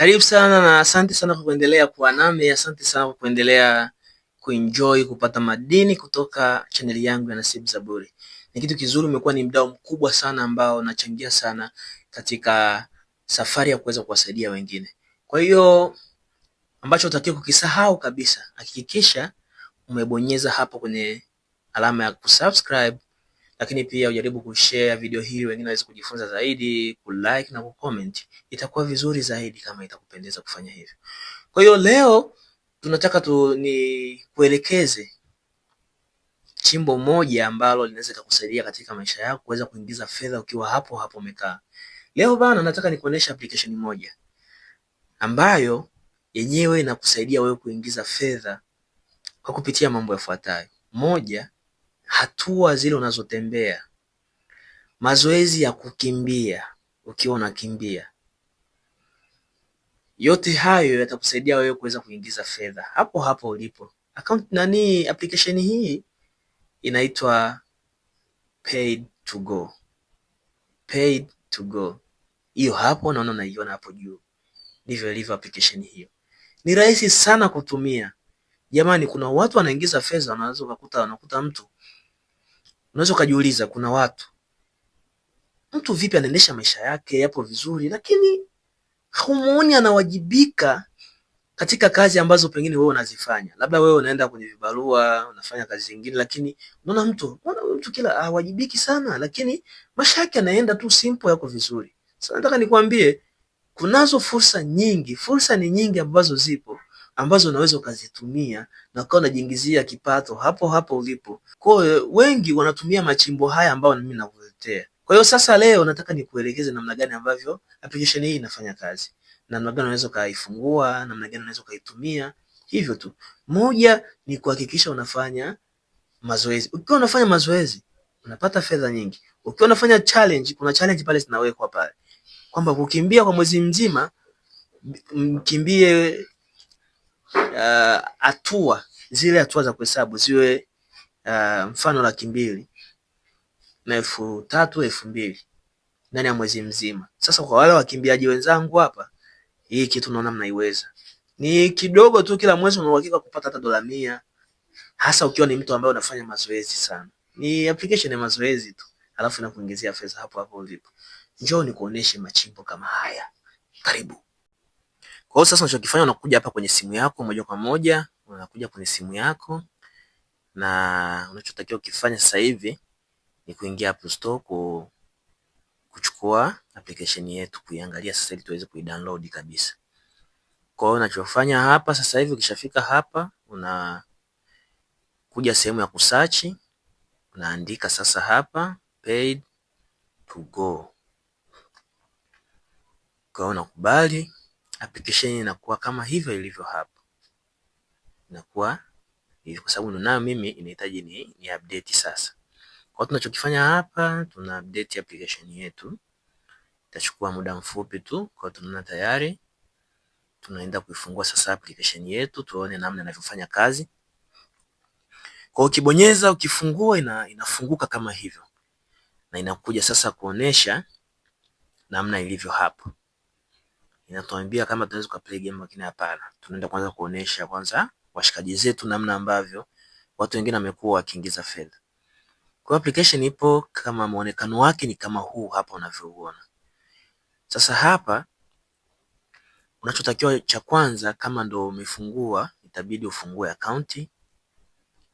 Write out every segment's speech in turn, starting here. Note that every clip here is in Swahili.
Karibu sana na asante sana kwa kuendelea kuwa nami, asante sana kwa kuendelea kuenjoy kupata madini kutoka chaneli yangu ya Nasibu Zaburi. Ni kitu kizuri, umekuwa ni mdau mkubwa sana ambao unachangia sana katika safari ya kuweza kuwasaidia wengine. Kwa hiyo ambacho utakiwa kukisahau kabisa, hakikisha umebonyeza hapo kwenye alama ya kusubscribe lakini pia ujaribu kushare video hii, wengine waweze kujifunza zaidi, kulike na kucomment. Itakuwa vizuri zaidi kama itakupendeza kufanya hivyo. Kwa hiyo leo tunataka tu ni kuelekeze chimbo moja ambalo linaweza kukusaidia katika maisha yako kuweza kuingiza fedha ukiwa hapo hapo umekaa. Leo bana, nataka nikuonesha application moja ambayo yenyewe inakusaidia wewe kuingiza fedha kwa kupitia mambo yafuatayo. Moja, hatua zile unazotembea, mazoezi ya kukimbia ukiwa unakimbia, yote hayo yatakusaidia wewe kuweza kuingiza fedha hapo hapo ulipo. Account nani, application hii inaitwa Paid to Go. Paid to Go hiyo hapo naona unaiona hapo juu, ndivyo ilivyo application hiyo. Ni rahisi sana kutumia jamani. Kuna watu wanaingiza fedha, wanaweza kukuta wanakuta mtu Unaweza ukajiuliza kuna watu mtu vipi anaendesha maisha yake yapo vizuri, lakini humuoni anawajibika katika kazi ambazo pengine wewe unazifanya. Labda wewe unaenda kwenye vibarua, unafanya kazi zingine, lakini unaona mtu unaona mtu kila hawajibiki sana, lakini maisha yake anaenda tu simple, yako vizuri. Sasa nataka nikwambie kunazo fursa nyingi, fursa ni nyingi ambazo zipo ambazo unaweza ukazitumia na ukawa unajiingizia kipato hapo hapo ulipo. Kwa hiyo wengi wanatumia machimbo haya ambayo mimi nakuletea. Kwa hiyo sasa leo nataka nikuelekeze namna gani ambavyo application hii inafanya kazi, namna gani unaweza ukaifungua, namna gani unaweza ukaitumia. Hivyo tu, moja ni kuhakikisha unafanya mazoezi. Ukiwa unafanya mazoezi unapata fedha nyingi. Ukiwa unafanya challenge, kuna challenge pale zinawekwa pale kwamba kukimbia kwa mwezi mzima, mkimbie Uh, hatua uh, zile hatua za kuhesabu ziwe uh, mfano laki mbili na elfu tatu elfu mbili ndani ya mwezi mzima. Sasa kwa wale wakimbiaji wenzangu hapa, hii kitu naona mnaiweza, ni kidogo tu kila mwezi, unauhakika kupata hata dola mia, hasa ukiwa ni mtu ambaye unafanya mazoezi sana. Ni application ya mazoezi tu, alafu inakuongezea fedha hapo hapo ulipo. Njoo nikuoneshe machimbo kama haya, karibu. Kwa hiyo sasa unachokifanya unakuja hapa kwenye simu yako moja kwa moja, unakuja kwenye simu yako na unachotakiwa kufanya sasa hivi ni kuingia App Store kuchukua application yetu kuiangalia sasa ili tuweze kuidownload kabisa. Kwa hiyo unachofanya hapa sasa hivi, ukishafika hapa unakuja sehemu ya kusachi, unaandika sasa hapa paid to go, kwa hiyo unakubali application inakuwa kama hivyo ilivyo hapa, inakuwa hivyo kwa sababu na mimi inahitaji ni, ni update sasa. Kwa tunachokifanya hapa, tuna update application yetu, itachukua muda mfupi tu. Kwa tunaona tayari tunaenda kuifungua sasa application yetu, tuone namna inavyofanya kazi. Kwa ukibonyeza ukifungua, ina, inafunguka kama hivyo na inakuja sasa kuonesha namna ilivyo hapo inatuambia kama tunaweza kuplay game, lakini hapana. Tunaenda kwanza kuonesha kwanza washikaji zetu namna ambavyo watu wengine wamekuwa wakiingiza fedha. Kwa application ipo kama muonekano wake ni kama huu hapa unavyoona. Sasa hapa unachotakiwa cha kwanza, kama ndo umefungua, itabidi ufungue akaunti.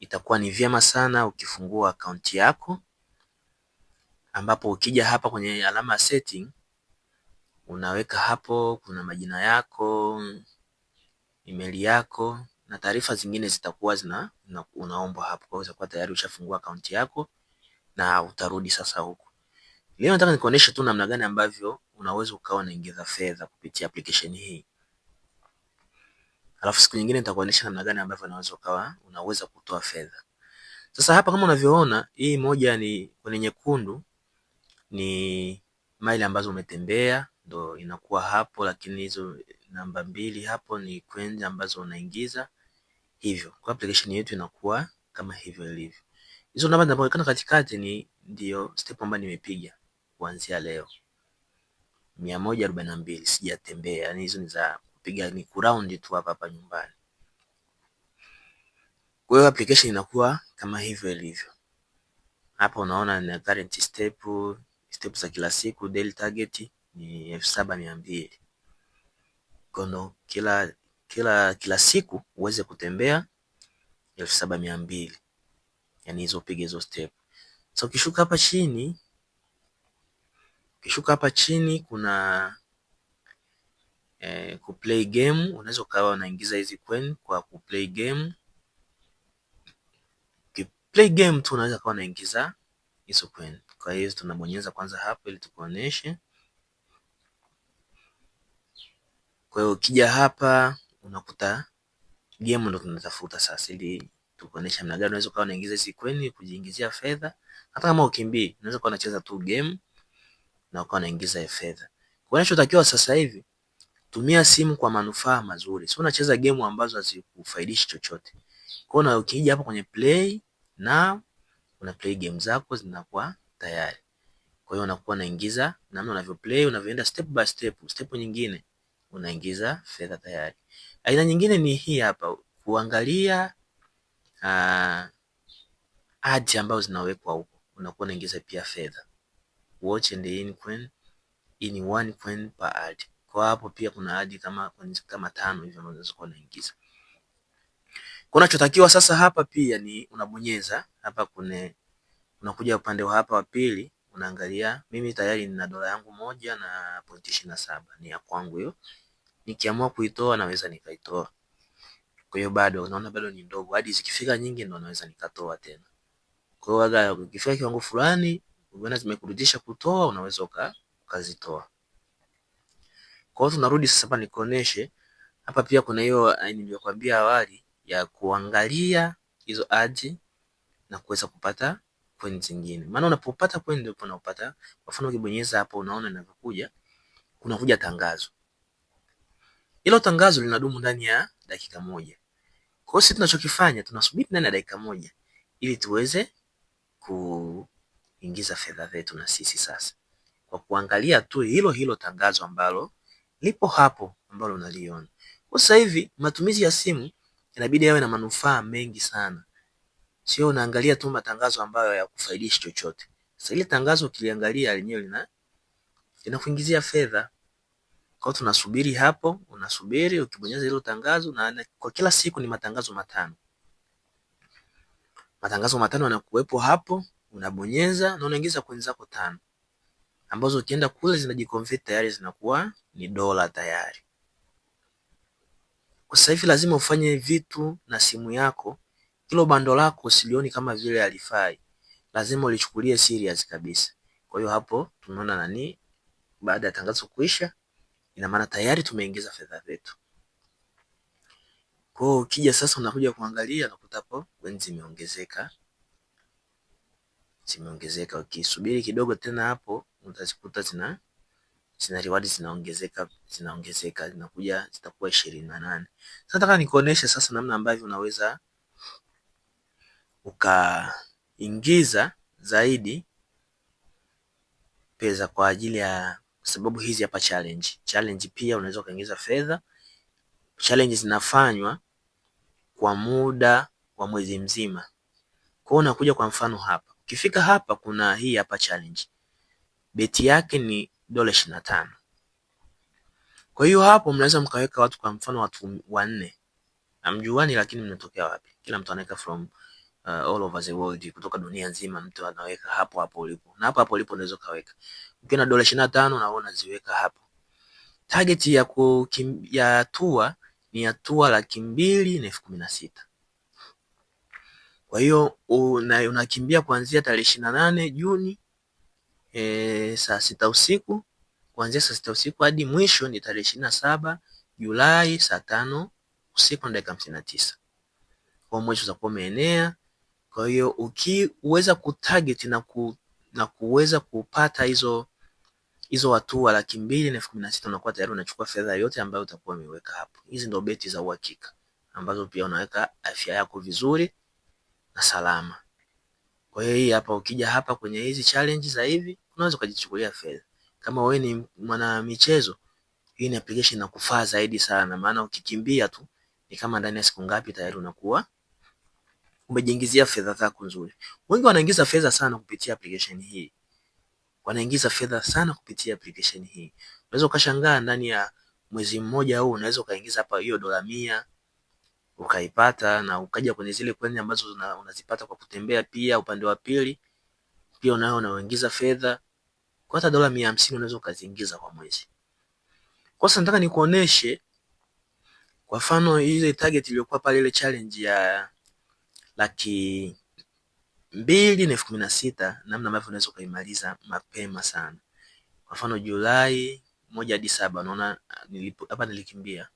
Itakuwa ni vyema sana ukifungua akaunti yako, ambapo ukija hapa kwenye alama setting unaweka hapo, kuna majina yako, email yako na taarifa zingine zitakuwa zina unaombwa hapo, kwa sababu tayari ushafungua akaunti yako na utarudi sasa huko. Leo nataka nikuoneshe tu namna gani ambavyo unaweza ukawa unaingiza fedha kupitia application hii. Alafu siku nyingine nitakuonesha namna gani ambavyo unaweza ukawa unaweza kutoa fedha. Sasa hapa kama unavyoona, hii moja ni kwenye nyekundu ni maili ambazo umetembea ndo inakuwa hapo, lakini hizo namba mbili hapo ni kwenye ambazo unaingiza hivyo. Kwa application yetu inakuwa kama hivyo ilivyo. Hizo namba zinaonekana katikati ni ndio step ambayo nimepiga kuanzia leo 142 sijatembea, yani hizo ni za kupiga, ni kuraundi tu hapa hapa nyumbani. Kwa hiyo application inakuwa kama hivyo ilivyo hapa, unaona ni current step, step za kila siku, daily target ni elfu saba mia mbili kono kila, kila, kila siku uweze kutembea elfu saba mia mbili yani hizo piga hizo step. So ukishuka hapa chini, ukishuka hapa chini kuna eh, kuplay game. Unaweza ukawa unaingiza hizi coin kwa kuplay game, ukiplay game tu unaweza ukawa unaingiza hizo coin. Kwa hiyo tunabonyeza kwanza hapo ili tukuoneshe Kwa hiyo ukija hapa unakuta game ndo tunatafuta sasa, ili tukuonesha namna gani unaweza kuwa unaingiza hizi coin kujiingizia fedha. Hata kama ukimbii, unaweza kuwa unacheza tu game na ukawa unaingiza fedha. Kwa hiyo unachotakiwa sasa hivi, tumia simu kwa manufaa mazuri, sio unacheza game ambazo hazikufaidishi chochote. Kwa hiyo ukija hapa kwenye play na una play game zako zinakuwa tayari. Kwa hiyo unakuwa unaingiza namna unavyo play, unavyoenda step by step, step nyingine unaingiza fedha tayari. Aina nyingine ni hii hapa, kuangalia uh, ads ambazo zinawekwa huko, unakuwa unaingiza pia fedha. Watch and earn coin in one coin per ad. Kwa hapo pia kuna ad kama kama tano hivi ambazo unaweza kuingiza. Kunachotakiwa sasa hapa pia ni unabonyeza hapa, kuna unakuja upande wa hapa wa pili unaangalia mimi tayari nina dola yangu moja na pointi ishirini na saba ni ya kwangu hiyo nikiamua kuitoa naweza nikaitoa. Kwa hiyo bado naona bado ni ndogo, hadi zikifika nyingi ndo naweza nikatoa tena. Kwa hiyo waga, ukifika kiwango fulani unaona zimekurudisha kutoa, unaweza uka ukazitoa. Kwa hiyo tunarudi sasa, hapa nikuoneshe hapa pia kuna hiyo eh, niliyokuambia awali ya kuangalia hizo aji na kuweza kupata point zingine. Maana unapopata point ndipo unapata, kwa mfano ukibonyeza hapo unaona inavyokuja, kuna kuja tangazo. Hilo tangazo linadumu ndani ya dakika moja. Kwa hiyo sisi tunachokifanya tunasubiri ndani ya dakika moja ili tuweze kuingiza fedha zetu na sisi sasa, kwa kuangalia tu hilo hilo tangazo ambalo lipo hapo ambalo unaliona. Kwa sasa hivi matumizi ya simu inabidi yawe na manufaa mengi sana, sio unaangalia tu matangazo ambayo hayakufaidishi chochote. Sasa ile tangazo ukiliangalia lenyewe lina linakuingizia fedha. Kwa hiyo tunasubiri hapo, unasubiri ukibonyeza hilo tangazo, na kwa kila siku ni matangazo matano. Matangazo matano yanakuwepo hapo, unabonyeza na unaingiza coins zako tano, ambazo ukienda kule zinajiconvert tayari, zinakuwa ni dola tayari. Kwa sasa hivi lazima ufanye vitu na simu yako. kilo bando lako usilioni kama vile alifai, lazima ulichukulie serious kabisa. Kwa hiyo hapo tunaona nani, baada ya tangazo kuisha ina maana tayari tumeingiza fedha zetu. Kwa hiyo ukija sasa unakuja kuangalia unakuta hapo wenzi zimeongezeka, zimeongezeka. Ukisubiri kidogo tena hapo utazikuta zina zina reward zinaongezeka zinaongezeka zinakuja zitakuwa ishirini na nane. Sasa nataka nikuoneshe sasa namna ambavyo unaweza ukaingiza zaidi pesa kwa ajili ya kwa sababu hizi hapa challenge. Challenge pia unaweza ukaingiza fedha. Challenge zinafanywa kwa muda wa mwezi mzima. Kwa hiyo unakuja kwa mfano hapa, ukifika hapa kuna hii hapa challenge, beti yake ni dola ishirini na tano. Kwa hiyo hapo mnaweza mkaweka watu, kwa mfano watu wanne, hamjuani, lakini mnatokea wapi? Kila mtu anaweka from uh, all over the world, kutoka dunia nzima, mtu anaweka hapo hapo ulipo, na hapo hapo ulipo unaweza kaweka. Ukiwa na dola ishirini na tano na unaziweka hapo. Target ya ku ya hatua ni hatua laki mbili na elfu kumi na sita. Kwa hiyo unakimbia una kuanzia tarehe ishirini na nane Juni e, saa sita usiku kuanzia saa sita usiku hadi mwisho ni tarehe ishirini na saba Julai saa tano usiku na dakika hamsini na tisa. Kwa mwisho utakuwa umeenea kwa hiyo ukiweza kutarget na, ku, na kuweza kupata hizo hizo hatua laki mbili na elfu kumi na sita unakuwa tayari unachukua fedha yote ambayo utakuwa umeweka hapo. Hizi ndio beti za uhakika ambazo pia unaweka afya yako vizuri na salama. Kwa hiyo hii hapa, ukija hapa kwenye hizi challenge za hivi unaweza ukajichukulia fedha. Kama wewe ni mwana michezo, hii ni application inakufaa zaidi sana, maana ukikimbia tu ni kama ndani ya siku ngapi tayari unakuwa umejiingizia fedha zako nzuri. Wengi wanaingiza fedha sana kupitia application hii, wanaingiza fedha sana kupitia application hii. Unaweza ukashangaa ndani ya mwezi mmoja huu unaweza ukaingiza hapa hiyo dola mia ukaipata, na ukaja kwenye zile coin ambazo unazipata kwa kutembea, pia upande wa pili pia unao unaoingiza fedha kwa hata dola mia hamsini unaweza ukaziingiza kwa mwezi. Kwa sasa nataka nikuoneshe kwa mfano ile target iliyokuwa pale ile challenge ya laki mbili na elfu kumi na sita namna ambavyo unaweza ukaimaliza mapema sana. Kwa mfano Julai moja hadi saba unaona hapa nilikimbia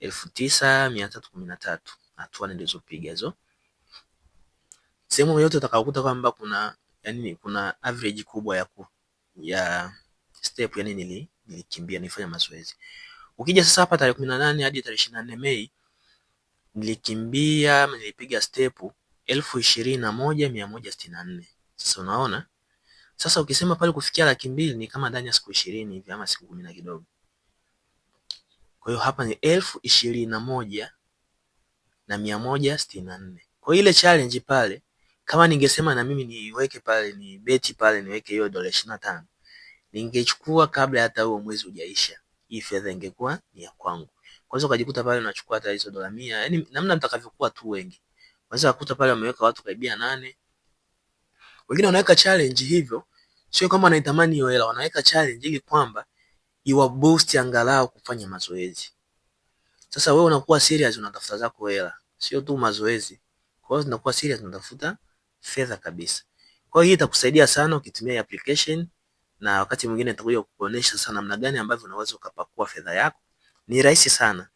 elfu tisa mia tatu kumi na tatu hatua nilizopiga hizo. Sehemu yoyote utakaokuta kwamba kuna yani kuna average kubwa ya ku, ya step yani nilikimbia nilifanya mazoezi. Ukija sasa hapa tarehe nane hadi tarehe 24 Mei nilikimbia nilipiga stepu elfu ishirini na moja mia moja sitini na nne sasa unaona sasa ukisema pale kufikia laki mbili ni kama ndani ya siku ishirini hivi ama siku kumi na kidogo kwa hiyo hapa ni elfu ishirini na moja na mia moja sitini na nne kwa ile challenge pale kama ningesema na mimi niweke pale ni beti pale niweke hiyo dola ishirini na tano ningechukua kabla hata huo mwezi ujaisha, hii fedha ingekuwa ni ya kwangu. Kwa hiyo ukajikuta pale unachukua hata hizo dola 100, yani namna mtakavyokuwa tu wengi. Unaweza kukuta pale wameweka watu karibia nane. Wengine wanaweka challenge hivyo, sio kama wanaitamani hiyo hela, wanaweka challenge ili kwamba iwa boost angalau kufanya mazoezi. Sasa wewe unakuwa serious unatafuta zako hela, sio tu mazoezi. Kwa hiyo tunakuwa serious tunatafuta fedha kabisa. Kwa hiyo itakusaidia sana ukitumia hii application na wakati mwingine nitakuja kukuonesha sana namna gani ambavyo unaweza ukapakua fedha yako ni rahisi sana.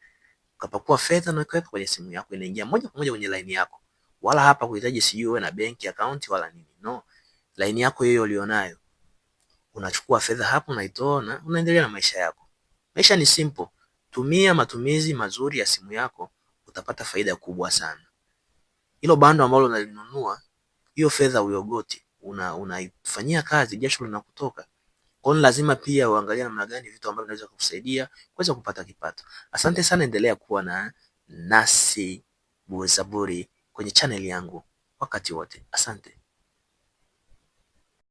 Ukapakua fedha na ukaweka kwenye simu yako inaingia moja kwa moja kwenye line yako. Wala hapa kuhitaji sijui uwe na bank account wala nini. No. Line yako hiyo ulionayo. Unachukua fedha hapo unaitoa na unaendelea na maisha yako. Maisha ni simple. Tumia matumizi mazuri ya simu yako utapata faida kubwa sana. Hilo bando ambalo unalinunua, hiyo fedha uyogoti, unaifanyia kazi, jasho linakutoka. Kwa hiyo lazima pia uangalie namna gani vitu ambavyo vinaweza kukusaidia kuweza kupata kipato. Asante sana, endelea kuwa na nasi Buzaburi kwenye chaneli yangu wakati wote. Asante.